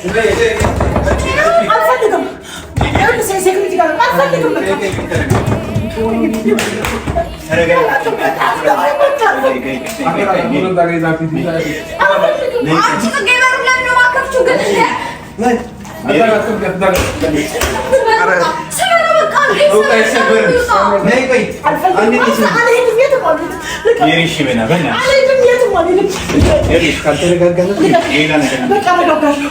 አልፈልግም። ካልተረጋጋ ሌላ ነገር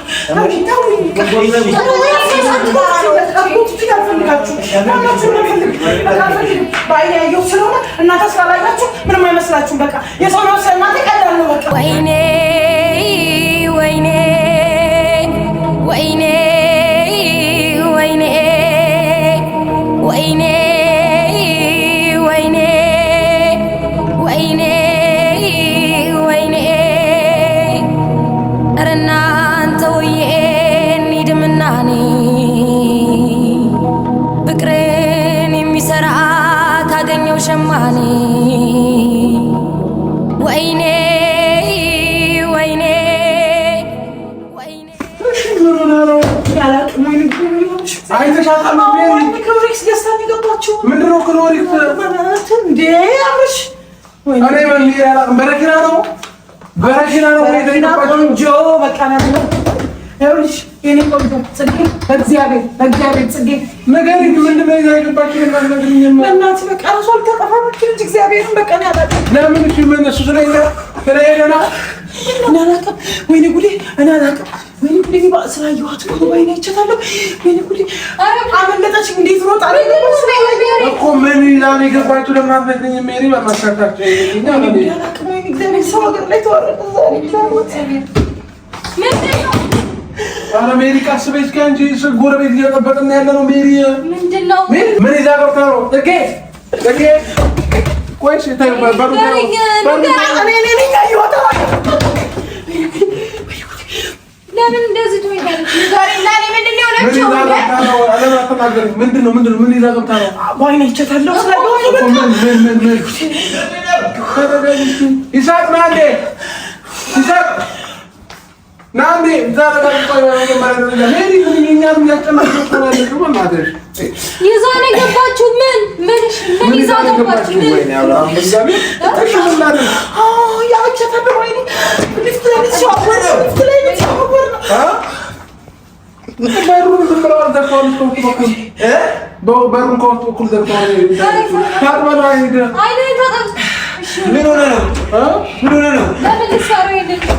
ስለሆነ እናንተ ስላላያችሁ ምንም አይመስላችሁም። በቃ የሰው ነፍስ እናንተ ቀላል ነው በቃ በረኪና ነው፣ በረኪና ነው። ይኸውልሽ የኔ ቆንጆ ጽጌ በእግዚአብሔር በእግዚአብሔር ጽጌ ንገሪኝ፣ ምንድን ነው የማይገባቸው? በእናትሽ በቃ እሱ አልተጠፋም እኮ እግዚአብሔርን በቃ ነው ለምን እሺ፣ ምን እሱ ስለሌለ ስለሌለ ነው እኔ አላውቅም። ወይኔ ጉዴ፣ እኔ አላውቅም። ወይኔ ጉዴ፣ ስላየኋት እኮ ነው ባይኔ አይቻታለሁ። ወይኔ ጉዴ፣ አመለጠች። እንዴት ሮጣ እኮ ምን ይዛ ነው የገባችው? ለምን ሜሪ በማሳካቸው ሰው ሀገር ላይ ተዋረደ ዛሬ። ኧረ ሜሪ ቀስ በይ እስኪ አንቺ ጎረቤት እየጠበቅን ያለ ነው። ሜሪ ምንድን ነው ምን ይዛ ገብታ ነው? ፅጌ ፅጌ ቆይ ምንድን ነው ምንድን ነው ምን ይዛ ገብታ ነው? Nandi, zaten కొనడానికి మరి నేను ఇది నిన్ను ያጨማ కొనడానికి ደግሞ ማድረግ የዛኔ ገባችሁ ምን ምን ምን ይዛው ገባችሁ ምን ምን ሆነ ነው? ምን ሆነ ነው? ለምን ሰሩ ይሄንን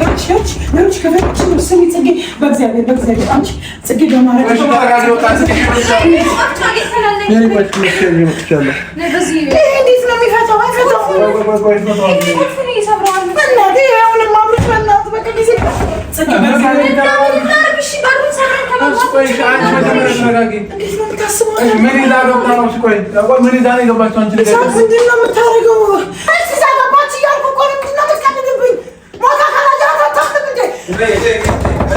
ምን ይዛ ነው የገባችው? አንቺ ምንድን ነው የምታደርገው? አልፈልግም።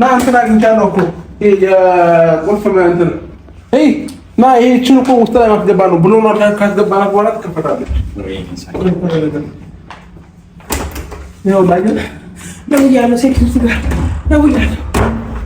ና እንትን አግኝቻለሁ እኮ ይሄ የቁልፍ እንትን ይሄ ና ይሄችን እኮ ውስጥ ላይ ማስገባ ነው ብሎ ካስገባናት በኋላ ትከፈታለች። ይኸውልህ አይደል ደውያለሁ ሴት ጋር ደውያለሁ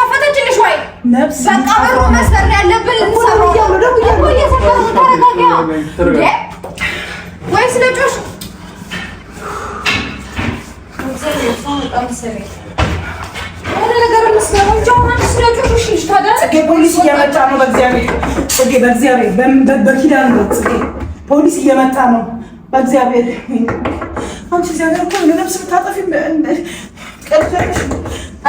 አልተከፈተችልሽ ወይ? በቃ ብሩ መስበር ያለብን ወይስ ለጮሽ ፖሊስ እየመጣ ነው። በእግዚአብሔር በኪዳን ነው። ፖሊስ እየመጣ ነው። በእግዚአብሔር አንቺ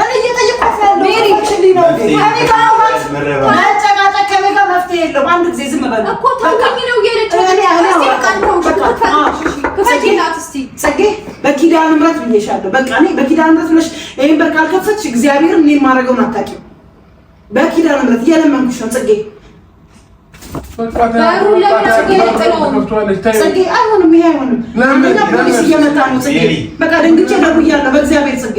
መፍትሄ የለውም። አንድ ጊዜ ዝም በሉ እኮ በኪዳነ ምሕረት ብዬሻለሁ። በቃ እኔ በኪዳነ ምሕረት ብለሽ ይሄን በር ካልከፈትሽ እግዚአብሔር እኔን ማድረገውን አታውቂም። በኪዳነ ምሕረት እየለመንኩሽ ነው ፅጌ። ፅጌ አይሆንም፣ ይሄ አይሆንም። ፖሊስ እየመጣ ነው ፅጌ። በቃ ደንግጬ ደውያለሁ። በእግዚአብሔር ፅጌ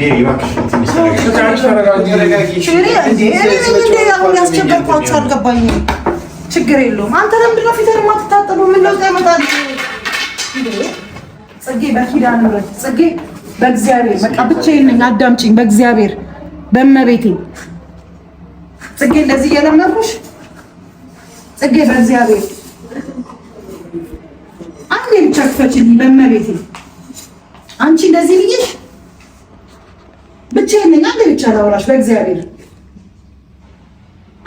ያስቸገርኳቸው አልገባኝም። ችግር የለውም። አንተ ለምንድን ነው ፊትህን የማትታጠቡ? ምን ለውጥ ያመጣል? ጽጌ በኪዳነ ምሕረት ጽጌ፣ በእግዚአብሔር በቃ ብቻዬን ነኝ። አዳምጪኝ፣ በእግዚአብሔር በእመቤቴ ጽጌ፣ እንደዚህ እየለመንኩሽ ጽጌ፣ በእግዚአብሔር አንዴ ብቻ ክፈችልኝ፣ በእመቤቴ አንቺ እንደዚህ ልይሽ ብቻዬን ነኝ። አንዴ ብቻ ላውራሽ በእግዚአብሔር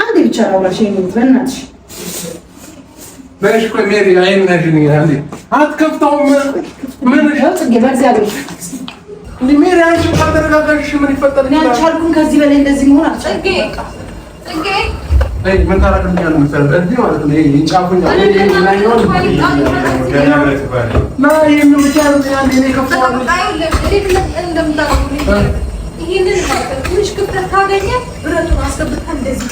አንዴ ብቻ ላውራሽ። ይሄን በእናትሽ በሽኮ ሜሪ አይነሽኝ አንዴ አትከፍተውም። ምን ጽጌ በእግዚአብሔር ሜሪ አንቺ ካልተረጋጋሽ ምን ይፈጠር? አልቻልኩም ከዚህ በላይ እንደዚህ መሆን አልቻልኩም። ጽጌ ምን ታደርግልኛለህ መሰለህ? እዚህ ማለት ነው ይሄ ብቻ ነው ይሄንን ማለት ካገኘ ብረቱን አስገብታ እንደዚህ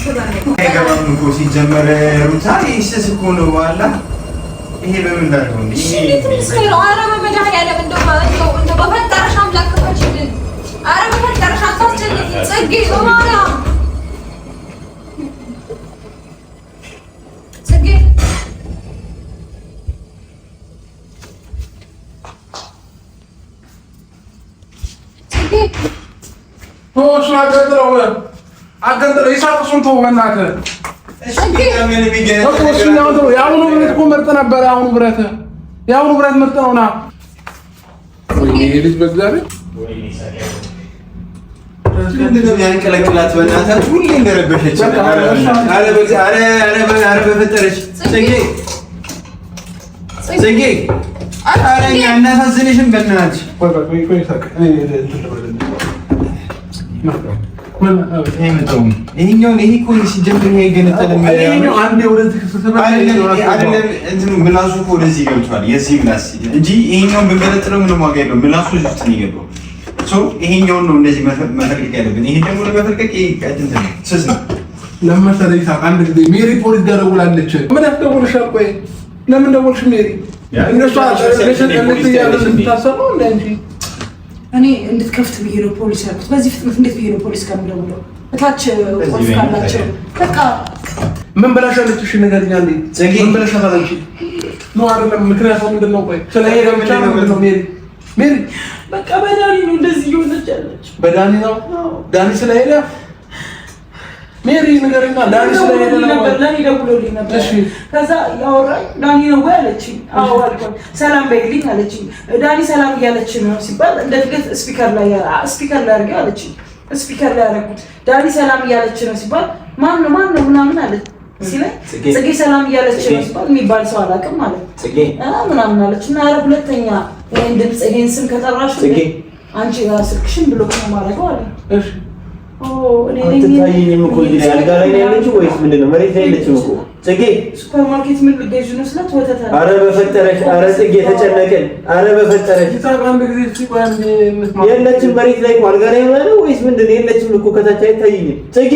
እሱን አገንጥለው አገንጥለው ይሳቅ ተው በእናትህ። የአሁኑ ብረት እኮ ምርጥ ነበረ። የአሁኑ ብረት የአሁኑ ብረት ምርጥ ነው። ና ልጅ በእግዚአብሔር ያንቀለቅላት በእናትህ። ሁሌ እንደረበሸች ይሄኛውን ይሄ እኮ ሲጀምር ይሄ ገነጠለ አይደለም። እንትኑ ምላሱ እኮ ወደዚህ ገብቷል። የዚህ ምላስ እንጂ ይሄኛውን ብንገነጥለው ምንም ዋጋ የለውም። ምላሱ ውስጥ ነው የገባው። ይሄኛውን ነው እንደዚህ መፈልቀቅ ያለብን። ይሄ ደግሞ ለመፈልቀቅ ስስ ነው። ለምን መሰለኝ አንድ ጊዜ ሜሪ ፖሊስ ደረውላለች። ምን አትደውልሻል? ቆይ ለምን ደወልሽ ሜሪ? እነሱ ታሰበው እንደ እንጂ እኔ እንድትከፍት ብዬ ነው ፖሊስ ያልኩት። በዚህ ፍጥነት እንዴት ብዬ ነው ፖሊስ ከምደውለው? እታች ቆልፍ ካላቸው በቃ ምን በላሽ አለችሽ? ነገር ኛ ምን በላሽ አላለች ነው አይደለም። ምክንያቱ ምንድን ነው? ቆይ ስለሄደ ብቻ ነው ምንድነው? ሜሪ ሜሪ በቃ በዳኒ ነው እንደዚህ እየሆነች ያለች በዳኒ ነው ዳኒ ሜሪ ንገረኛ ዳኒ ስለሄደ ነው ሰላም በይልኝ አለችኝ። ዳኒ ሰላም እያለች ነው ሲባል እንደ ድንገት ስፒከር ላይ ስፒከር ላይ አድርጌ አለችኝ። ስፒከር ላይ አደረኩት። ዳኒ ሰላም እያለች ነው ሲባል ማን ነው ማን ነው ምናምን አለች ሲለኝ ጽጌ ሰላም እያለች ነው ሲባል የሚባል ሰው አላውቅም ማለት ጽጌ ምናምን አለች እና ኧረ ሁለተኛ ይሄን ድምፅ ይሄን ስም ከጠራሽ አንቺ ስልክሽን ብሎክ ነው ማድረገው አለ አትታየኝም እኮ እዚህ አልጋ ላይ ነው ያለችው ወይስ ምንድን ነው? መሬት ላይ ያለችው እኮ ጽጌ፣ ሱፐርማርኬት ምን ልትገዢ ነው ስላት ወተት አለ። በፈጠረሽ፣ ጽጌ ተጨነቀን። አረ በፈጠረሽ የለችም መሬት ላይ እኮ አልጋ ላይ ነው ወይስ ምንድን ነው? የለችም እኮ ከታች ጽጌ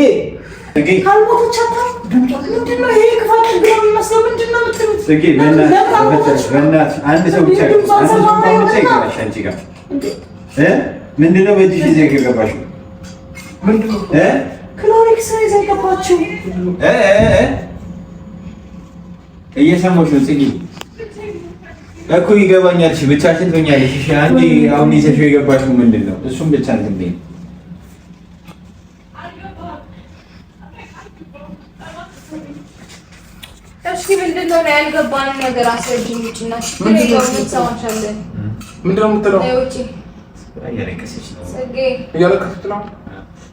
ምንድን ነው በእጅሽ ይዘሽ የገባሽው? ክሎሪክስ ነው የዘገባችው። እየሰማሁሽ ነው ፅጌ እኮ ይገባኛል። እሺ ትሆኛለሽ። እሺ አንዴ አሁን ይዘሽው የገባሽው ምንድን ነው? እሱም ብቻ እንትን እሺ ምንድን ነው ያልገባን ነገር አስረጅኝ። ውጭ ምንድን ነው የምትለው?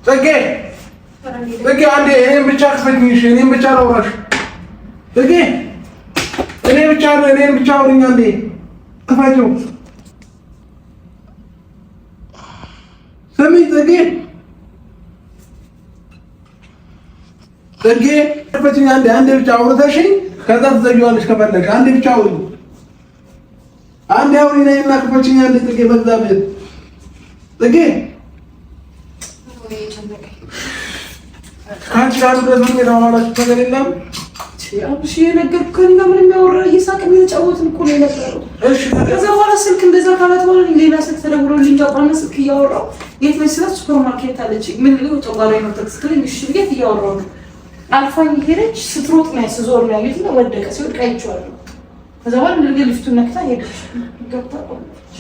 ፅጌ ፅጌ አንዴ እኔም ብቻ ክፈትኝሽ፣ እኔም ብቻ ላውራሽ። ፅጌ እኔ ብቻ እኔን ብቻ አውሪኝ አንዴ ክፈችው። ስሚ ፅጌ ፅጌ ክፈችኝ አንዴ አንዴ ብቻ አውርተሽኝ ከዛ ትዘጊዋለሽ ከፈለግሽ። አንዴ ብቻ አውሪኝ አንዴ አውሪኝ ነይና ክፈችኝ አንዴ ፅጌ በዛ ቤት ከአንቺ ጋር ድረስ ምን የተባባላችሁት ነገር የለም? አብሽ የነገርኩህ ከእኔ ጋር ምንም ያወራ እየሳቅን እየተጫወትን እኮ ነው የነበረው። ከዛ በኋላ ስልክ እንደዛ ካላት በኋላ ሌላ ስልክ ተደውሎልኝ ገባና ስልክ እያወራሁ የት ነች ስላት ሱፐርማርኬት አለች። ምን ልው ጨጓራ ነው ስትለኝ ምሽ ብዬሽ እያወራሁ ነው አልፋኝ ሄደች። ስትሮጥ ነው ስዞር ነው ያዩት ነው ወደቀ። ሲወድቅ አይቼዋለሁ። ከዛ በኋላ እንደ ልፍቱን ነክታ ሄደች ገብታ ቆመች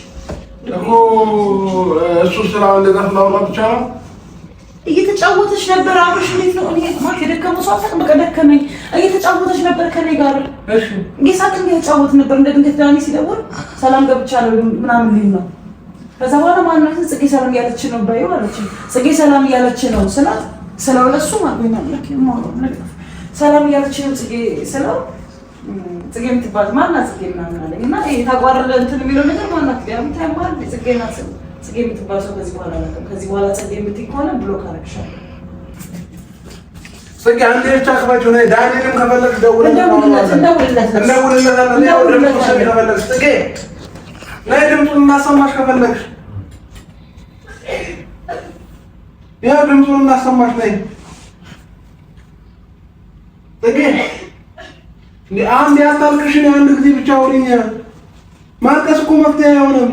እሱ ስራ እንደዛ ስላወራ ብቻ ነው እየተጫወተች ነበር። አብርሽ እንዴት ነው? እኔ ማለት የደከመው ሰው አታውቅም። በቃ ደከመኝ። እየተጫወተች ነበር ከኔ ጋር። እሺ ጌሳት እየተጫወት ነበር። እንደ ድንገት ዳኒ ሲደውል ሰላም ገብቻለሁ ምናምን ሊል ነው። ከዛ በኋላ ማን ነው ጽጌ ሰላም እያለች ነው ባዩ አለች። ጽጌ ሰላም እያለች ነው ስላት ስለወለሱ ማግኘት አለክ ይሞሮ ነገር ሰላም እያለች ነው ጽጌ ስለው ጽጌ የምትባል ማናት ጽጌ ምናምን አለኝ እና ይሄ ታጓረደ እንትን የሚለው ነገር ማናት ያ ምታይ ማለት ጽጌ ናት ጽጌ የምትባል ሰው ከዚህ በኋላ አላውቅም። ከዚህ በኋላ ጽጌ የምትይ ከሆነ ብሎክ አደረግሻለሁ። ጽጌ አንዴ ብቻ አቅባጭ ሆነ ዳንኤልም ከፈለግ ደውል ድምፁን እናሰማሽ ከፈለግሽ ይኸው ድምፁን እናሰማሽ ነይ ጽጌ አንድ ያታልቅሽን አንድ ጊዜ ብቻ ሁንኛ ማልቀስ እኮ መፍትሄ አይሆንም።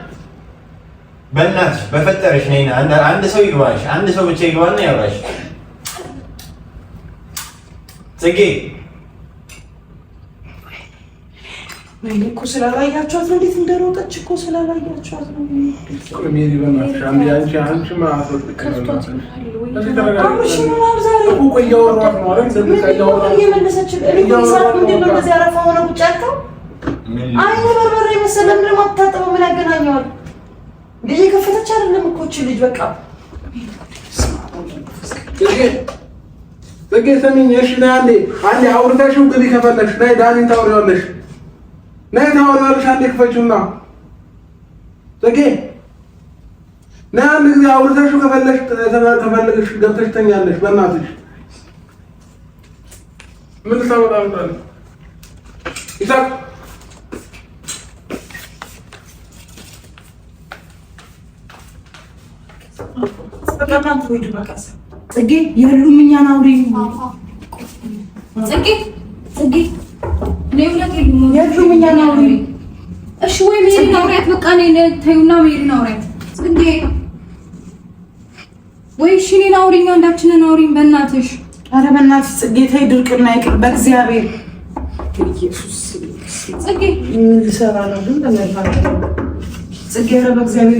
በእናትሽ በፈጠረሽ ነይና አንድ ሰው ይግባሽ፣ አንድ ሰው ብቻ ይግባና ያውራሽ። ጽጌ ወይኔ እኮ ስላላያችኋት ነው፣ እንዴት እንደሮጠች እኮ ስላላያችኋት ነው። አይ በርበሬ መሰለ ምንም አታጥበው፣ ምን ያገናኘዋል? ልጅ የከፈተች አይደለም እኮ እችን ልጅ በቃ ፅጌ ስሚኝ፣ እሺ ነይ አንዴ አንዴ አውርተሽው ግቢ ከፈለግሽ ነይ ዳኒን ታወሪዋለሽ፣ ነይ ታወሪዋለሽ። አንዴ ክፈችውና ፅጌ ነይ አንድ ጊዜ አውርተሽው ከፈለግሽ ከፈለግሽ ገብተሽ ተኛለሽ። በእናትሽ ምን ታወጣ ይሳቅ ጽጌ የሁሉም እኛን አውሪ ጽጌ ጽጌ የሁሉም እኛን አውሪ። እሺ ወይ ሜሪን አውሪያት። በቃ ተይውና ሜሪን አውሪያት። ጽጌ ወይ እሺ እኔን አውሪኝ፣ አንዳችንን አውሪኝ በእናትሽ። ኧረ በእናትሽ ጽጌ ተይ፣ ድርቅና ይቅር በእግዚአብሔር ጽጌ ምን ልሰራ ነው ግን? ጽጌ ኧረ በእግዚአብሔር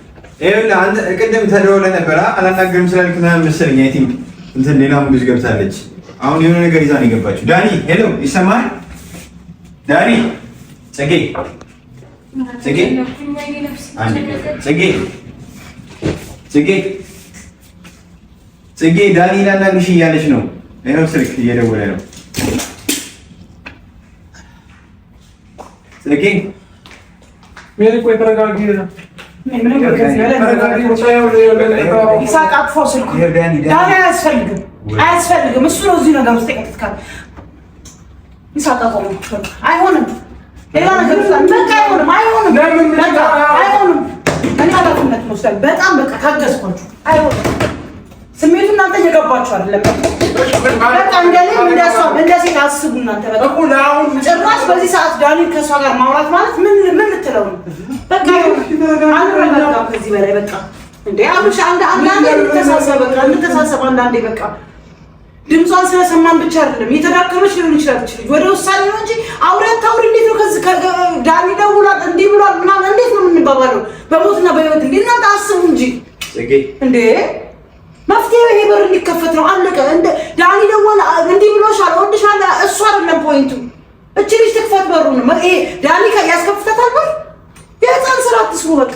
ቅድም ተደውለህ ነበር አላናገርም ስላልክ መሰለኝ። አይ ቲንክ እንትን ሌላ ሙሉዝ ገብታለች። አሁን የሆነ ነገር ይዛ ነው የገባችው። ዳኒ ሄሎ፣ ይሰማል? ዳኒ ፅጌ፣ ፅጌ፣ ፅጌ፣ ፅጌ፣ ፅጌ፣ ዳኒ ላናግርሽ እያለች ነው። ይኸው ስልክ እየደወለ ነው። ፅጌ፣ ቆይ ተረጋጊ። ይሳቅ አቅፎ ስልኩ ዳኒ አያስፈልግም፣ አያስፈልግም። እሱ ነው እዚህ ነገር ውስጥ የቀጥትካል። ይሳቅ አቆሙ። አይሆንም፣ ሌላ ነገር በቃ አይሆንም፣ አይሆንም፣ አይሆንም። እኔ ኃላፊነት ወስዳለሁ። በጣም በቃ ታገዝኳችሁ። አይሆንም ስሜቱ እናንተ እየገባችሁ አይደለም። በቃ እንደኔ እንደሷ እንደ ሴት አስቡ እናንተ። በቃ ጭራሽ በዚህ ሰዓት ዳኒ ከእሷ ጋር ማውራት ማለት ምን ምን ልትለው ነው? በቃ አንረጋጋም ከዚህ በላይ በቃ እንዴ አብርሽ፣ አንድ አንድ እንተሳሰብ፣ በቃ እንተሳሰብ። አንዳንዴ በቃ ድምጿን ስለሰማን ብቻ አይደለም የተዳከመች ሊሆን ይችላል። ትችል ወደ ውሳኔ ነው እንጂ አውሪያት አውሪ። እንዴት ነው ከዚህ ዳኒ ደውሏል እንዲህ ብሏል ምናምን እንዴት ነው የምንባባለው? በሞትና በህይወት እንዴ እናንተ አስቡ እንጂ እንዴ መፍትሄው ይሄ በር እንዲከፈት ነው። አለቀ። እንደ ዳኒ ደግሞ እንዲህ ብሎሻል፣ ወድሻል። እሱ አይደለም ፖይንቱ። እቺ ልጅ ትክፈት በሩ ነው። ይሄ ዳኒ ያስከፍተታል በር የህፃን ስራ አትስሩ። በቃ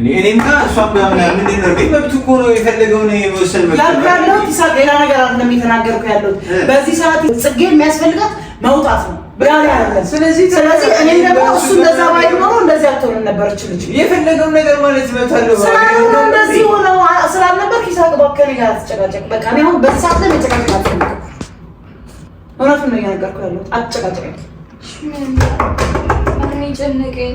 እኔም ጋር በዚህ ሰዓት ጽጌ የሚያስፈልጋት መውጣት ነው ስለዚህ ስለዚህ እኔ ደግሞ እሱ እንደዛ ባይ እንደዚህ አትሆንም ነበረች ልጅ የፈለገውን ነገር ማለት መታለው ስላልሆነ እንደዚህ ሆነ ስላልነበር ይሳቅ እባክህ ነገር አትጨቃጨቅ በቃ እኔ አሁን በዚህ ሰዓት ላይ መጨቃጨቅ አትፈልግ እውነቱን ነው እያነገርኩ ያለሁት አትጨቃጨቅ ምን ጨነቀኝ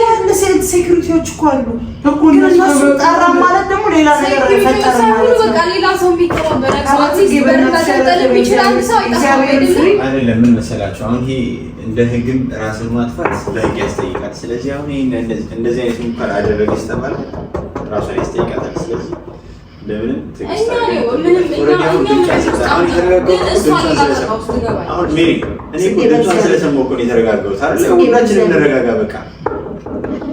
ሴኩሪቲዎች እኮ አሉ። ግን እነሱ ጠራ ማለት ደግሞ ሌላ ነገር ፈጠረ ማለት ነው። ሌላ ሰው አይደለም። ምን መሰላቸው አሁን ይሄ እንደ ህግም ራስን ማጥፋት ለሕግ ያስጠይቃል። ስለዚህ አሁን እንደዚህ አይነት ሙከራ አደረገ ሲተባለ ራሷን ያስጠይቃታል። ስለዚህ ለምንም አሁን ስለሰማሁ እኮ ነው የተረጋጋሁት። ሁላችንም እንረጋጋ በቃ